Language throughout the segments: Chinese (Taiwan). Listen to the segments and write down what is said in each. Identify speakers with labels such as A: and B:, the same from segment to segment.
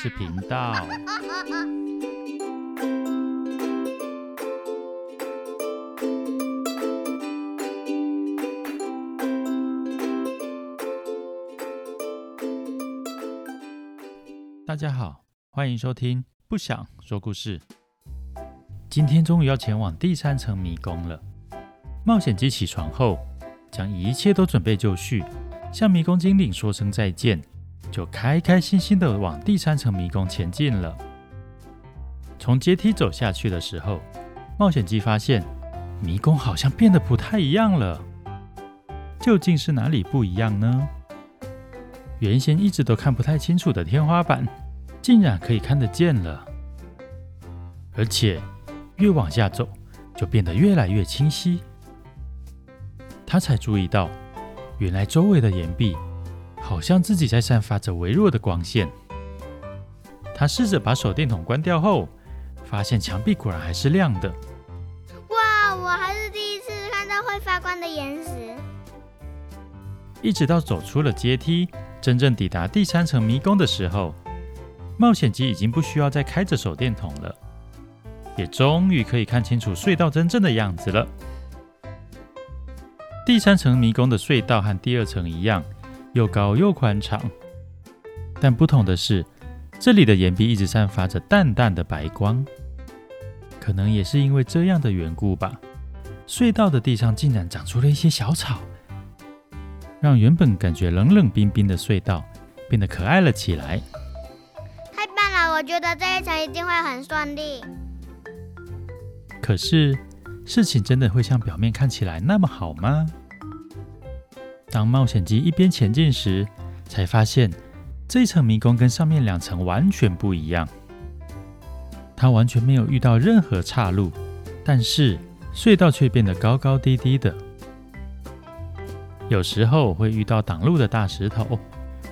A: 是頻道。大家好，歡迎收聽《不想說故事》。今天終於要前往第三層迷宮了。冒險雞起床後，將一切都準備就緒，向迷宮精靈說聲再見。就開開心心地往第三層迷宮前進了。從階梯走下去的時候，冒險雞發現迷宮好像變得不太一樣了。究竟是哪裡不一樣呢？原先一直都看不太清楚的天花板，竟然可以看得見了。而且越往下走，就變得越來越清晰。他才注意到，原來周圍的岩壁。好像自己在散發着微弱的光線。他試着把手電筒關掉後，發現牆壁果然還是亮的。
B: 哇，我還是第一次看到會發光的岩石。
A: 一直到走出了階梯，真正抵達第三層迷宮的時候，冒險雞已經不需要再開着手電筒了，也終於可以看清楚隧道真正的樣子了。第三層迷宮的隧道和第二層一樣。又高又寬敞，但不同的是，這裡的岩壁一直散發着淡淡的白光，可能也是因為這樣的緣故吧。隧道的地上竟然長出了一些小草，讓原本感覺冷冷冰冰的隧道變得可愛了起來。
B: 太棒了，我覺得這一層一定會很順利。
A: 可是，事情真的會像表面看起來那麼好嗎？當冒險雞一邊前進時，才發現這層迷宮跟上面兩層完全不一樣。它完全沒有遇到任何岔路，但是隧道卻變得高高低低的。有時候會遇到擋路的大石頭，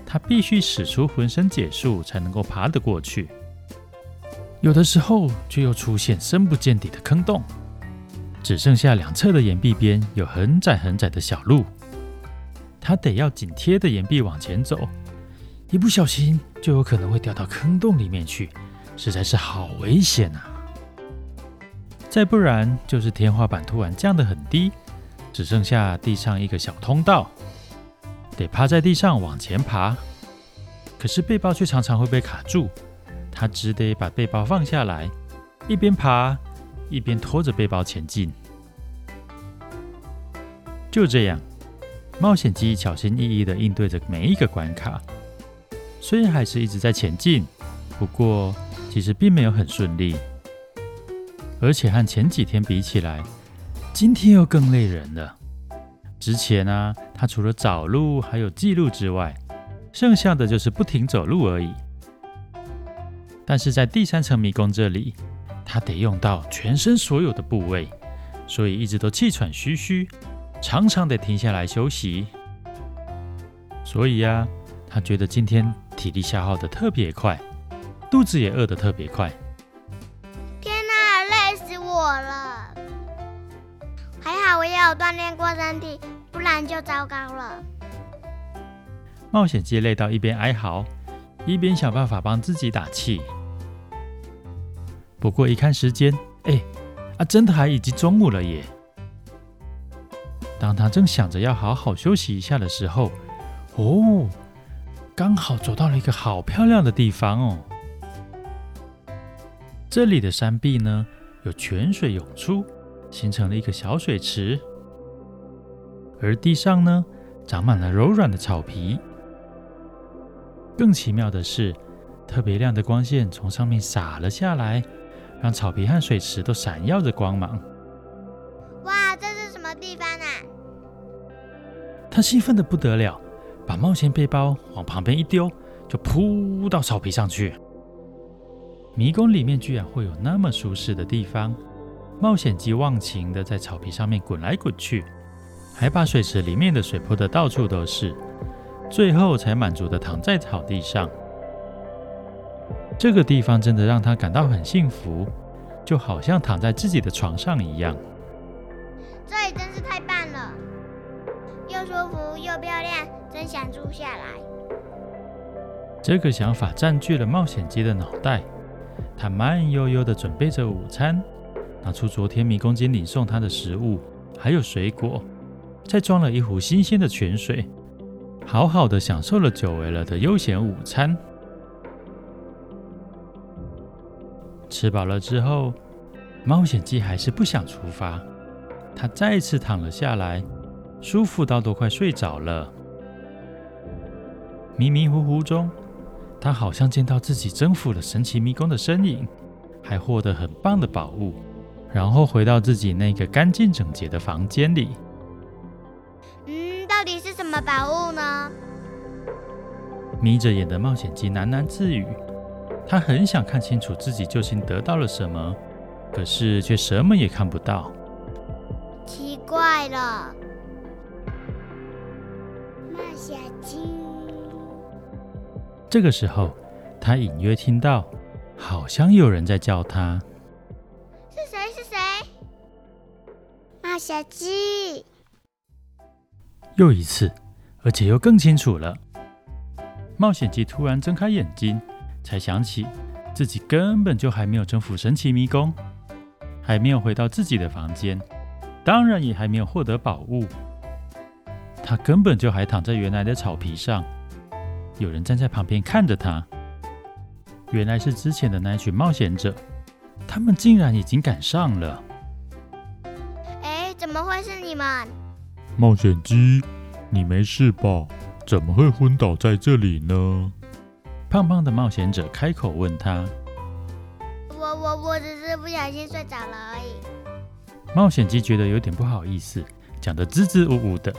A: 它必須使出渾身解數才能夠爬得過去。有的時候卻又出現深不見底的坑洞，只剩下兩側的岩壁邊有很窄很窄的小路。他得要緊貼着岩壁往前走，一不小心就有可能會掉到坑洞裡面去，實在是好危險啊！再不然就是天花板突然降得很低，只剩下地上一個小通道，得趴在地上往前爬。可是背包卻常常會被卡住，他只得把背包放下來，一邊爬一邊拖着背包前進。就這樣。冒險雞小心翼翼的應對着每一個關卡，雖然還是一直在前進，不過其實並沒有很順利，而且和前幾天比起來，今天又更累人了。之前呢、啊，他除了找路還有記錄之外，剩下的就是不停走路而已。但是在第三層迷宮這裡，他得用到全身所有的部位，所以一直都氣喘吁吁。常常得停下來休息，所以呀、啊，他覺得今天體力消耗得特別快，肚子也餓得特別快。
B: 天哪、啊，累死我了！還好我也有鍛鍊過身體，不然就糟糕了。
A: 冒險雞累到一邊哀嚎，一邊想辦法幫自己打氣。不過一看時間，哎，啊，真的還已經中午了耶！當他正想着要好好休息一下的時候，哦，剛好走到了一個好漂亮的地方哦。這裡的山壁呢，有泉水湧出，形成了一個小水池，而地上呢，長滿了柔軟的草皮。更奇妙的是，特別亮的光線從上面灑了下來，讓草皮和水池都閃耀着光芒。
B: 什麼
A: 地方呢、啊？他興奮得不得了，把冒險背包往旁邊一丟，就撲到草皮上去。迷宮裡面居然會有那麼舒適的地方，冒險雞忘情地在草皮上面滾來滾去，還把水池裡面的水潑得到處都是，最後才滿足地躺在草地上。這個地方真的讓他感到很幸福，就好像躺在自己的床上一樣。
B: 這裡真是太棒了，又舒服又漂亮，真想住下來。
A: 這個想法占據了冒險雞的腦袋。他慢悠悠的準備着午餐，拿出昨天迷宮精靈送他的食物，還有水果，再裝了一壺新鮮的泉水，好好的享受了久違了的悠閒午餐。吃飽了之後，冒險雞還是不想出發。他再次躺了下來，舒服到都快睡着了。迷迷糊糊中，他好像見到自己征服了神奇迷宮的身影，還獲得很棒的寶物，然後回到自己那個乾淨整潔的房間裡。
B: 嗯，到底是什麼寶物呢？
A: 眯着眼的冒險雞喃喃自語，他很想看清楚自己究竟得到了什麼，可是卻什麼也看不到。
B: 怪了，冒險雞。
A: 這個時候，他隱約聽到，好像有人在叫他。
B: 是誰？是誰？冒險雞。
A: 又一次，而且又更清楚了。冒險雞突然睜開眼睛，才想起自己根本就還沒有征服神奇迷宮，還沒有回到自己的房間。當然也還沒有獲得寶物，他根本就還躺在原來的草皮上。有人站在旁邊看着他，原來是之前的那群冒險者，他們竟然已經趕上了。
B: 哎，怎麼會是你們？
A: 冒險雞，你沒事吧？怎麼會昏倒在這裡呢？胖胖的冒險者開口問他：“
B: 我我我只是不小心睡着了而已。”
A: 冒險雞覺得有點不好意思，講得支支吾吾的。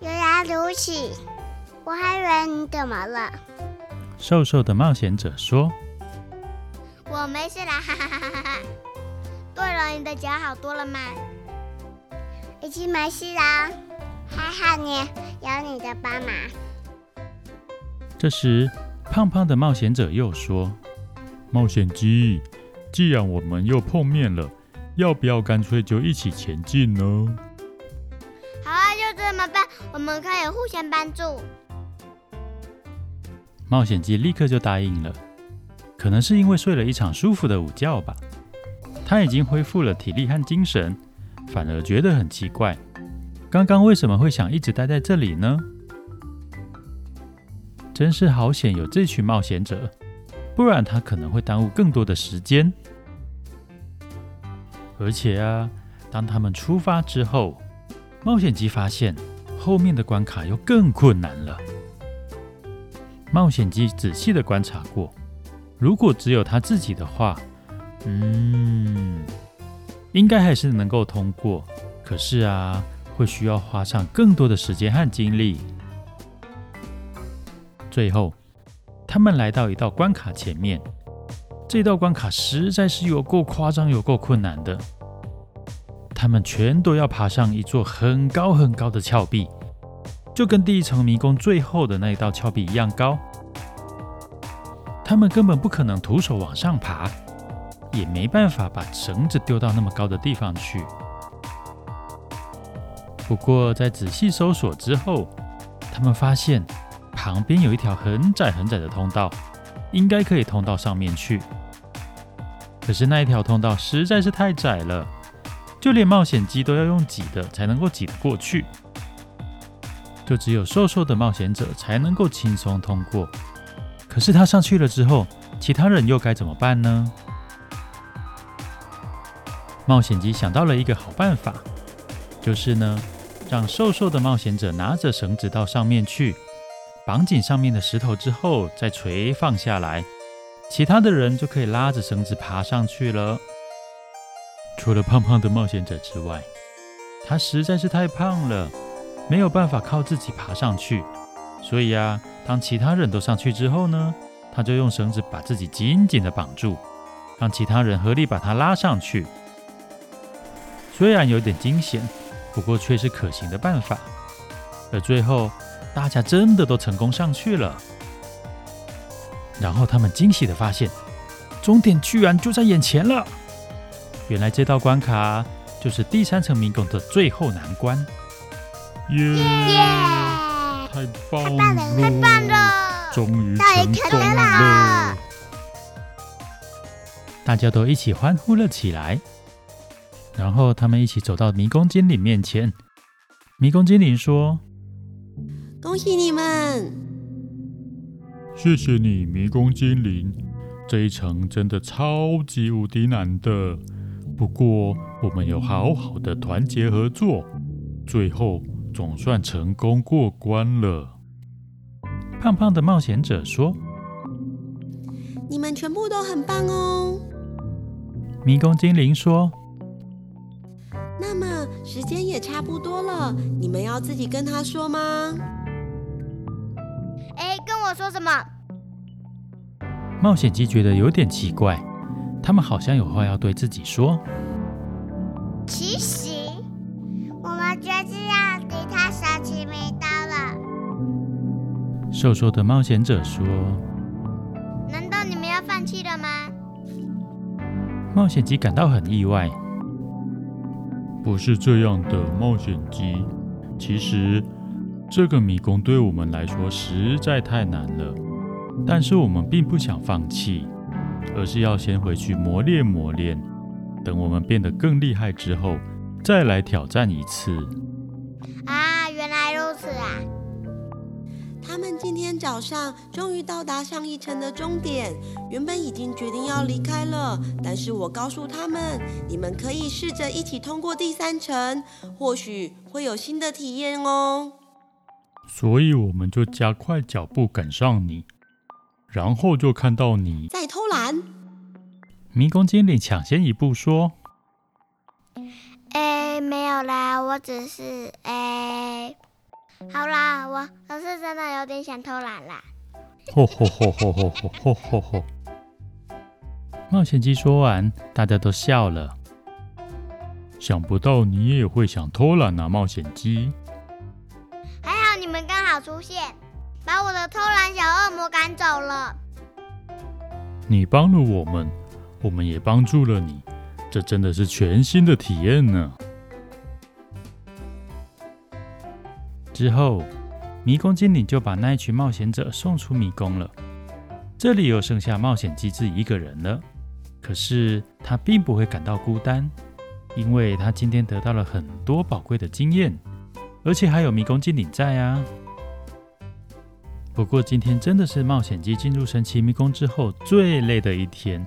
B: 原來如此，我還以為你怎麼了。
A: 瘦瘦的冒險者說：“
B: 我沒事啦。”哈哈哈哈哈。對了，你的腳好多了嗎？已經沒事啦，還好你有你的爸媽。
A: 這時，胖胖的冒險者又說：“冒險雞，既然我們又碰面了。”要不要乾脆就一起前進呢？
B: 好啊，就這麼辦。我們可以互相幫助。
A: 冒險雞立刻就答應了。可能是因為睡了一場舒服的午覺吧，他已經恢復了體力和精神，反而覺得很奇怪。剛剛為什麼會想一直待在這裡呢？真是好險有這群冒險者，不然他可能會耽誤更多的時間。而且啊，當他們出發之後，冒險雞發現後面的關卡又更困難了。冒險雞仔細的觀察過，如果只有他自己的話，嗯，應該還是能夠通過。可是啊，會需要花上更多的時間和精力。最後，他們來到一道關卡前面。這道關卡實在是有夠誇張，有夠困難的。他們全都要爬上一座很高很高的峭壁，就跟第一層迷宮最後的那一道峭壁一樣高。他們根本不可能徒手往上爬，也沒辦法把繩子丟到那麼高的地方去。不過，在仔細搜索之後，他們發現旁邊有一條很窄很窄的通道。應該可以通到上面去，可是那一條通道實在是太窄了，就連冒險雞都要用擠的才能夠擠得過去，就只有瘦瘦的冒險者才能夠輕鬆通過。可是他上去了之後，其他人又該怎麼辦呢？冒險雞想到了一個好辦法，就是呢，讓瘦瘦的冒險者拿着繩子到上面去。綁緊上面的石頭之後，再垂放下來，其他的人就可以拉着繩子爬上去了。除了胖胖的冒險者之外，他實在是太胖了，沒有辦法靠自己爬上去。所以啊，當其他人都上去之後呢，他就用繩子把自己緊緊地綁住，讓其他人合力把他拉上去。雖然有點驚險，不過卻是可行的辦法。而最後，大家真的都成功上去了，然後他們驚喜的發現，終點居然就在眼前了。原來這道關卡就是第三層迷宮的最後難關。耶！太棒了！太棒了！終於成功了！大家都一起歡呼了起來，然後他們一起走到迷宮精靈面前。迷宮精靈說。
B: 恭喜你們！
A: 謝謝你，迷宮精靈。這一層真的超級無敵難的，不過我們有好好的團結合作，最後總算成功過關了。胖胖的冒險者說：“
B: 你們全部都很棒哦。”
A: 迷宮精靈說：“
B: 那麼時間也差不多了，你們要自己跟他說嗎？”哎、欸，跟我說什麼？
A: 冒險雞覺得有點奇怪，他們好像有話要對自己說。
B: 其實，我們決定要離開神奇迷宮了。
A: 瘦瘦的冒險者說：“
B: 難道你們要放棄了嗎？”
A: 冒險雞感到很意外。不是這樣的，冒險雞，其實。這個迷宮對我們來說實在太難了，但是我們並不想放棄，而是要先回去磨練磨練。等我們變得更厲害之後，再來挑戰一次。
B: 啊，原來如此啊！他們今天早上終於到達上一層的終點，原本已經決定要離開了，但是我告訴他們，你們可以試着一起通過第三層，或許會有新的體驗哦。
A: 所以我們就加快腳步趕上你，然後就看到你
B: 在偷懶。
A: 迷宮精靈搶先一步說：“
B: 哎，沒有啦，我只是哎，好啦，我可是真的有點想偷懶啦。”
A: 哈哈哈哈哈！冒險雞說完，大家都笑了。想不到你也會想偷懶啊，冒險雞。
B: 剛好出現，把我的偷懶小惡魔趕走了。
A: 你幫了我們，我們也幫助了你，這真的是全新的體驗呢、啊。之後，迷宮精靈就把那一群冒險者送出迷宮了。這裡又剩下冒險雞只一個人了。可是他並不會感到孤單，因為他今天得到了很多寶貴的經驗，而且還有迷宮精靈在啊。不過今天真的是冒險雞進入神奇迷宮之後最累的一天，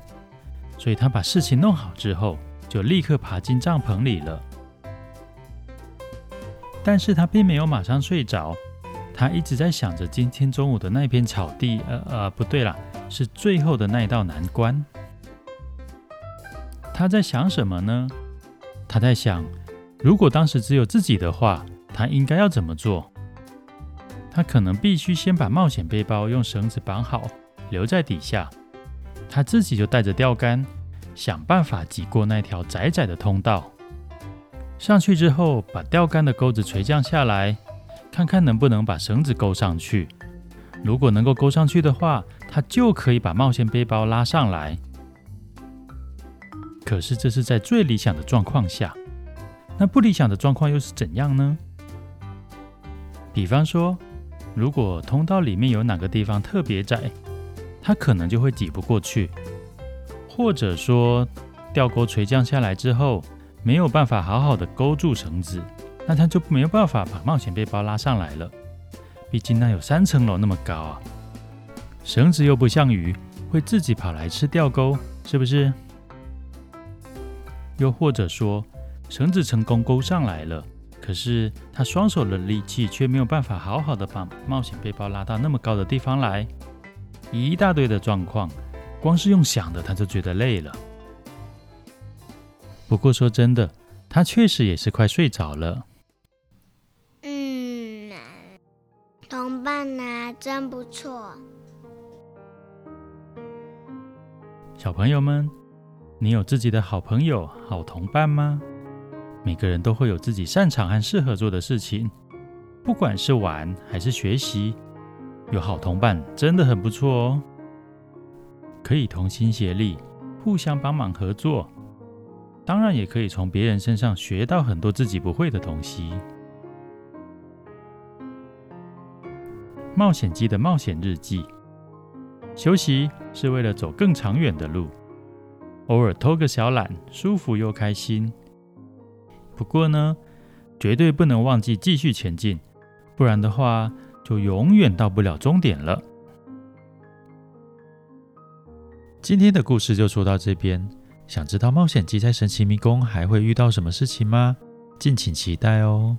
A: 所以他把事情弄好之後，就立刻爬進帳篷裡了。但是他並沒有馬上睡着，他一直在想着今天中午的那片草地，呃，呃呃，不對了，是最後的那道難關。他在想什麼呢？他在想，如果當時只有自己的話，他應該要怎麼做？他可能必須先把冒險背包用繩子綁好，留在底下。他自己就帶着釣竿，想辦法擠過那條窄窄的通道。上去之後，把釣竿的鈎子垂降下來，看看能不能把繩子勾上去。如果能夠勾上去的話，他就可以把冒險背包拉上來。可是這是在最理想的狀況下，那不理想的狀況又是怎樣呢？比方說。如果通道裡面有哪個地方特別窄，它可能就會擠不過去；或者說，吊鈎垂降下來之後，沒有辦法好好的勾住繩子，那它就沒有辦法把冒險背包拉上來了。畢竟那有三層樓那麼高啊，繩子又不像魚會自己跑來吃吊鉤，是不是？又或者說，繩子成功勾上來了。可是他雙手的力氣卻沒有辦法好好的把冒險背包拉到那麼高的地方來，一大堆的狀況，光是用想的他就覺得累了。不過說真的，他確實也是快睡着了。嗯，
B: 同伴吶，真不錯。
A: 小朋友們，你有自己的好朋友、好同伴嗎？每個人都會有自己擅長和適合做的事情，不管是玩還是學習，有好同伴真的很不錯哦，可以同心協力，互相幫忙合作，當然也可以從別人身上學到很多自己不會的東西。冒險雞的冒險日記，休息是為了走更長遠的路，偶爾偷個小懶，舒服又開心。不過呢，絕對不能忘記繼續前進，不然的話就永遠到不了終點了。今天的故事就說到這邊，想知道冒險雞在神奇迷宮還會遇到什麼事情嗎？敬請期待哦。